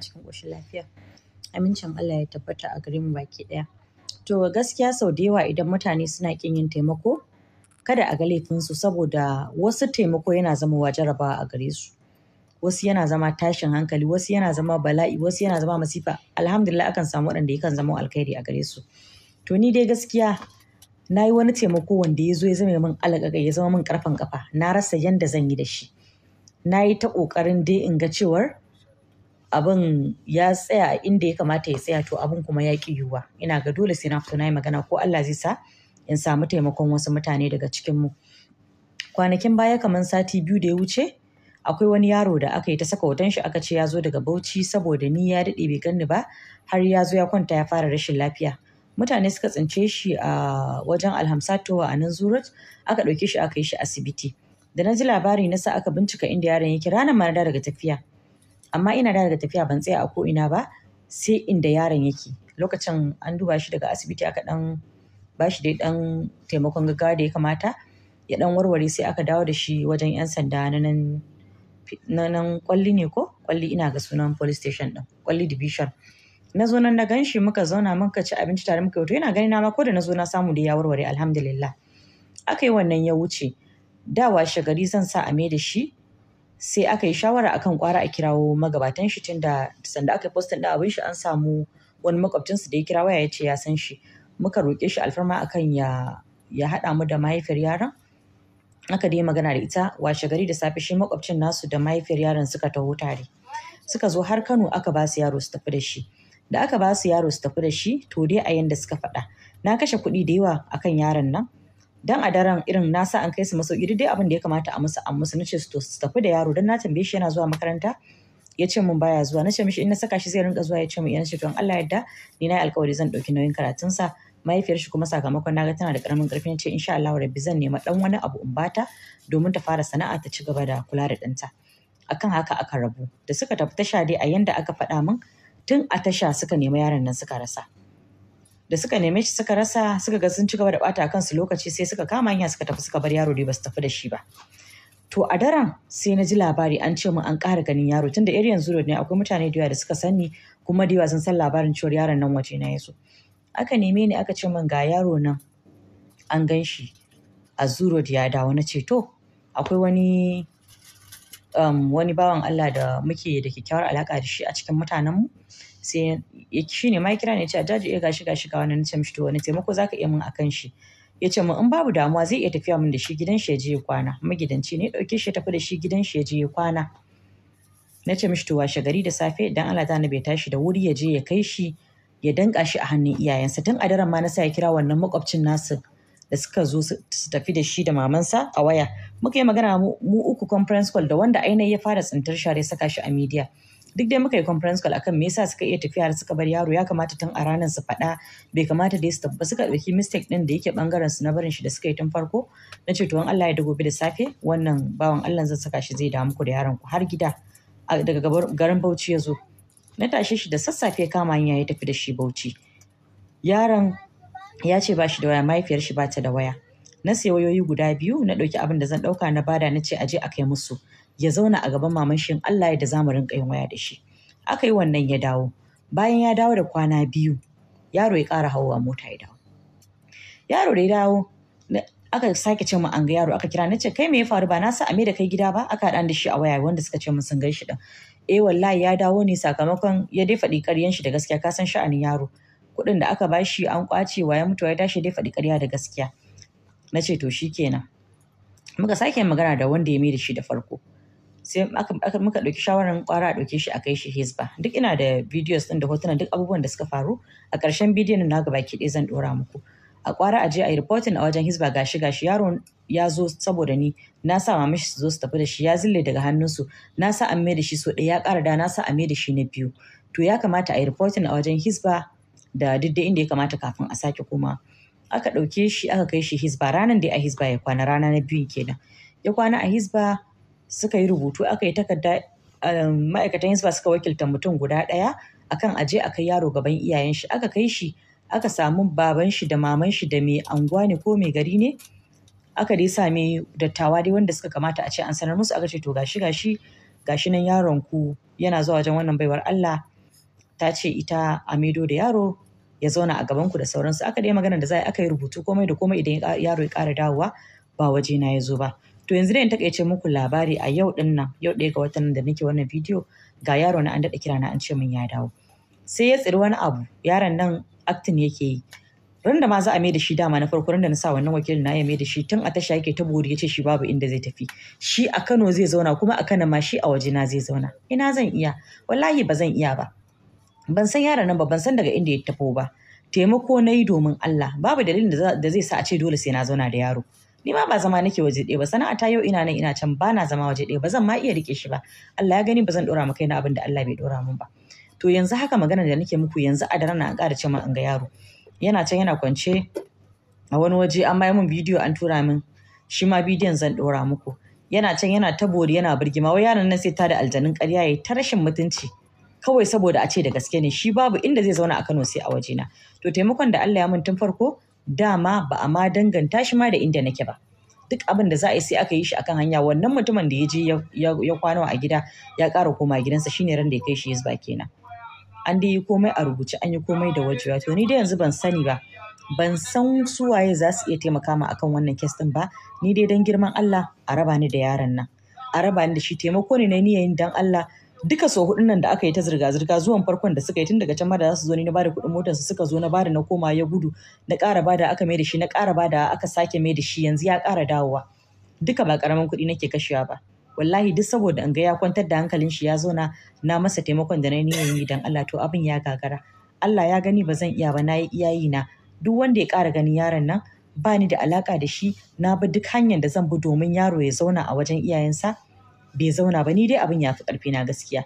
cikin ƙoshin lafiya. Amincin Allah ya tabbata a gare mu baki ɗaya. To gaskiya sau da yawa idan mutane suna ƙin yin taimako, kada a ga laifinsu saboda wasu taimako yana zama jarabawa a gare su. Wasu yana zama tashin hankali, wasu yana zama bala'i, wasu yana zama masifa. Alhamdulillah akan samu waɗanda yakan zama alkhairi a gare su. To ni dai gaskiya na yi wani taimako wanda ya zo ya zama min alaƙaƙa, ya zama min ƙarfen ƙafa. Na rasa yanda zan yi da shi. Na yi ta ƙoƙarin dai in ga cewar abin ya tsaya inda ya kamata ya tsaya to abin kuma ya ki yiwuwa ina ga dole sai na fito na yi magana ko Allah zai sa in samu taimakon wasu mutane daga cikin mu kwanakin baya kamar sati biyu da ya wuce akwai wani yaro da aka yi ta saka hoton shi aka ce ya zo daga Bauchi saboda ni ya daɗe bai ganni ba har ya zo ya kwanta ya fara rashin lafiya mutane suka tsince shi a wajen to a nan zurat aka ɗauke shi aka yi shi asibiti da na ji labari na sa aka bincika inda yaron yake ranar ma daga tafiya amma ina da daga tafiya ban tsaya a ko ina ba sai inda yaron yake lokacin an duba shi daga asibiti aka dan ba shi dai dan taimakon gaggawa da ya kamata ya dan warware sai aka dawo da shi wajen yan sanda na nan kwalli ne ko kwalli ina ga sunan police station din kwalli division na zo nan na gan muka zauna muka ci abinci tare muka to yana gani na ma ko da na zo na samu da ya warware alhamdulillah aka yi wannan ya wuce da washe gari zan sa a da shi sai aka yi shawara akan kwara a kirawo magabatan shi tunda sanda aka yi postin da abin shi an samu wani su da ya kira waya ya ce ya san shi muka roƙe shi alfarma akan ya ya haɗa mu da mahaifiyar yaron aka dai magana da ita washe gari da safe shi makwabcin nasu da mahaifiyar yaron suka taho tare suka zo har Kano aka ba su yaro su tafi da shi da aka ba su yaro su tafi da shi to dai a yanda suka faɗa na kashe kuɗi da yawa akan yaron nan dan a daren irin na sa an kai su masauki duk dai abin da ya kamata a musu an musu nace su su tafi da yaro dan na tambaye shi yana zuwa makaranta ya ce mun baya zuwa na ce mishi in na saka shi zai rinka zuwa ya ce mun yana ce don Allah yadda ni na alƙawari zan dauki nauyin karatun sa mahaifiyar shi kuma sakamakon naga tana da karamin karfi ce insha Allah rabbi zan nema dan wani abu in bata domin ta fara sana'a ta ci gaba da kula da ɗanta akan haka aka rabu da suka tafi tasha dai a yanda aka faɗa min tun a tasha suka nemi yaron nan suka rasa da suka neme shi suka rasa suka ga sun ci gaba da bata kansu lokaci sai suka kama hanya suka tafi suka bar yaro dai basu tafi da shi ba to a daren sai na ji labari an ce min an ƙara ganin yaro tunda area yanzu ne akwai mutane da da suka sani kuma da yawa sun san labarin cewar yaron nan waje na so aka neme ni aka ce min ga yaro nan an gan shi a zuro ya dawo na ce to akwai wani um, wani bawan Allah da muke da kyakkyawar alaka da shi a cikin mutanenmu sai shi ne ma kira ne ya ce jaji iya eh, gashi gashi ga wani ce mishi to wani taimako za ka iya min akan shi ya ce mu in babu damuwa zai iya tafiya min da shi gidan shi ya je ya kwana magidanci ne dauke shi ya tafi da shi gidan shi ya je ya kwana na ce mishi to washe gari da safe dan Allah ta bai tashi da wuri ya je ya kai shi ya danka shi a hannun iyayensa tun a daren ma na sa ya kira wannan makwabcin nasu da suka zo su tafi da shi da mamansa a waya muka yi magana mu uku conference call da wanda ainihin ya fara tsintar share saka shi a media duk dai muka yi conference call akan me yasa suka iya tafiya suka bar yaro ya kamata tun a ranar su faɗa bai kamata da su tafi suka ɗauki mistake ɗin da yake bangaren su na barin shi da suka yi tun farko na ce to Allah ya da gobe da safe wannan bawan Allah zan saka shi zai damu ku da yaron ku har gida daga garin Bauchi ya zo na tashe shi da sassafe kama hanya ya tafi da shi Bauchi yaron ya ce ba shi da waya mahaifiyar shi ba ta da waya na sayi wayoyi guda biyu na ɗauki abin da zan ɗauka na bada na ce a je a kai musu ya zauna a gaban maman shi Allah ya da zamu rinka yin waya da shi aka yi wannan ya dawo bayan ya dawo da kwana biyu yaro ya ƙara hawa mota ya dawo yaro da ya dawo aka sake ce mu an ga yaro aka kira na ce kai me ya faru ba na sa ame da kai gida ba aka haɗa da shi a waya wanda suka ce mun sun gaishe ɗin. eh wallahi ya dawo ne sakamakon ya dai faɗi ƙaryan shi da gaskiya ka san sha'anin yaro kuɗin da aka bashi an kwace wa ya mutu ya tashi dai faɗi ƙarya da gaskiya na ce to kenan. muka sake magana da wanda ya mai da shi da farko sai muka ɗauki shawarar kwara a ɗauke shi a kai shi hisba duk ina da videos ɗin da hotuna duk abubuwan da suka faru a ƙarshen bidiyon na gaba ki ɗaya zan ɗora muku a kwara a je a yi reporting a wajen hisba gashi gashi yaron ya zo saboda ni na sa mama shi su zo su tafi da shi ya zille daga hannunsu na sa an mai da shi so ɗaya ya ƙara da na sa a mai da shi na biyu to ya kamata a yi reporting a wajen hisba da duk inda ya kamata kafin a sake koma aka ɗauke shi aka kai shi hisba ranar da a hisba ya kwana rana na biyu kenan ya kwana a hisba suka yi rubutu aka yi takarda um, ma'aikatan hisba suka wakilta mutum guda ɗaya akan aje a kai yaro gaban iyayen shi aka kai shi aka samu baban shi da maman shi da mai anguwa ne ko mai gari ne aka dai same dattawa dai wanda suka kamata a ce an sanar musu aka ce to gashi gashi gashi nan yaron ku yana zuwa wajen wannan baiwar Allah ta ce ita a da yaro ya zauna a ku da sauransu aka dai magana da za aka yi rubutu komai da komai idan yaro ya ƙara dawowa ba waje na ya zo ba to yanzu dai in takaice muku labari a yau din nan yau ɗaya ga watan da nake wannan bidiyo ga yaro na an daɗa kira na an ce min ya dawo sai ya tsiri wani abu yaron nan actin yake yi ran da ma za a mai da shi dama na farko ran da na sa wannan wakilin na ya mai da shi tun a tasha yake ta bori ya ce shi babu inda zai tafi shi a Kano zai zauna kuma a Kano ma shi a waje na zai zauna ina zan iya wallahi ba zan iya ba ban san yaron nan ba ban san daga inda ya tafo ba taimako na yi domin Allah babu dalilin da zai sa a ce dole sai na zauna da yaro ni ma ba zama nake waje ɗaya ba sana'a ta yau ina nan ina can ba na zama waje ɗaya ba zan ma iya rike shi ba Allah ya gani ba zan ɗora kai kaina abin da Allah bai ɗora min ba to yanzu haka magana da nake muku yanzu a daren na an ƙara ce min an ga yaro yana can yana kwance a wani waje an mai min bidiyo an tura min shi ma bidiyon zan ɗora muku yana can yana ta bori yana birgima wai yaron nan sai ta da aljanun ƙarya ya ta rashin mutunci kawai saboda a ce da gaske ne shi babu inda zai zauna a Kano sai a waje na. to taimakon da Allah ya mun tun farko dama ba a ma danganta shi ma da inda nake ba duk abin da za a yi sai aka yi shi akan hanya wannan mutumin da ya je ya kwana a gida ya ƙara koma gidansa shine ran da ya kai shi Hisba kenan an dai yi komai a rubuce an yi komai da wajewa to ni da yanzu ban sani ba ban san su waye za su iya taimaka ma akan wannan kes din ba ni dai dan girman Allah a raba ni da yaron nan a raba ni da shi taimako ne na niyayin dan Allah duka so hudun nan da aka yi ta zirga-zirga zuwan farkon da suka yi tun daga can da za su zo ni na bada kuɗin motarsa suka zo na bada na koma ya gudu na ƙara bada aka mai da shi na ƙara bada aka sake mai da shi yanzu ya ƙara dawowa duka ba ƙaramin kuɗi nake kashewa ba wallahi duk saboda in ga ya kwantar da hankalin shi ya zauna na masa taimakon da na niyan yi dan Allah to abin ya gagara Allah ya gani ba zan iya ba na yi iyayi na duk wanda ya ƙara ganin yaron nan ba ni da alaka da shi na bi duk hanyar da zan bi domin yaro ya zauna a wajen iyayensa bai zauna ba ni dai abin ya fi ƙarfi na gaskiya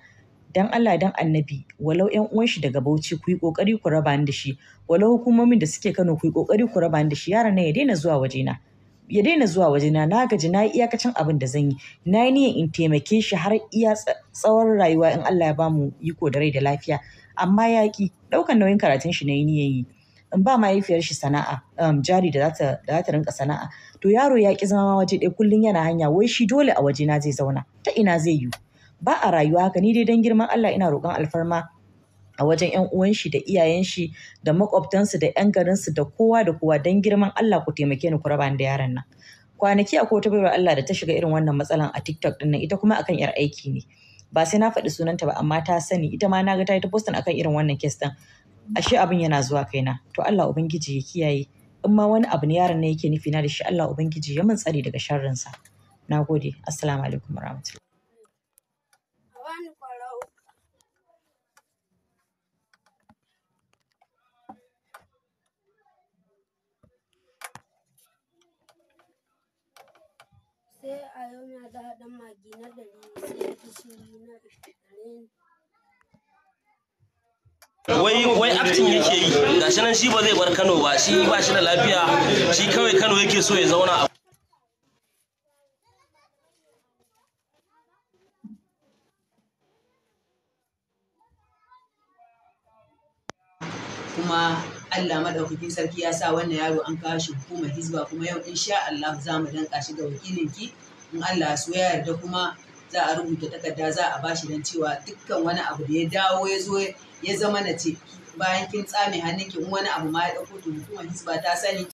dan Allah dan annabi walau yan uwan shi daga Bauchi ku yi kokari ku raba ni da shi walau hukumomin da suke Kano ku yi kokari ku raba ni da shi yaron na ya daina zuwa wajena ya daina zuwa wajena na gaji na yi iyakacin abin da zan yi na yi niyan in taimake shi har iya tsawon rayuwa in Allah ya bamu iko da rai da lafiya amma yaƙi ɗaukan nauyin karatun shi na yi niyan yi in ba mahaifiyar shi sana'a um, jari da za ta rinka sana'a to yaro ya ki zama waje ɗaya kullum yana hanya wai shi dole a waje na zai zauna ta ina zai yi ba a rayuwa haka ni dai dan girman Allah ina roƙon alfarma a wajen yan uwan shi da iyayen shi da makwabtansu da yan garin su da kowa da kowa dan girman Allah ku taimake ni ku raba da yaran nan kwanaki akwai ta baiwa Allah da ta shiga irin wannan matsalan a TikTok din nan ita kuma akan yar aiki ne ba sai na faɗi sunanta ba amma ta sani ita ma na ga ta yi ta postin akan irin wannan kes din ashe abin yana zuwa kaina to Allah ubangiji ya kiyaye in ma wani abu ne yaron ne yake nufi na da shi Allah ubangiji ya mun tsare daga sharrinsa nagode assalamu alaikum warahmatullahi sai a da haɗin magi na wai wai mutum yake yi shi nan shi ba zai bar Kano ba shi ba shi da lafiya shi kawai Kano yake so ya zauna a kuma Allah madaukakin sarki ya sa wannan yaro an kawo shi hukumar hizba kuma yau insha Allah za mu danka shi ga ki in Allah so ya yarda kuma za a rubuta takarda za a bashi dan cewa dukkan wani abu da ya dawo ya zo ya zama na ce bayan kin tsame hannun ki wani abu ma ya dauko to hukumar hisba ta sani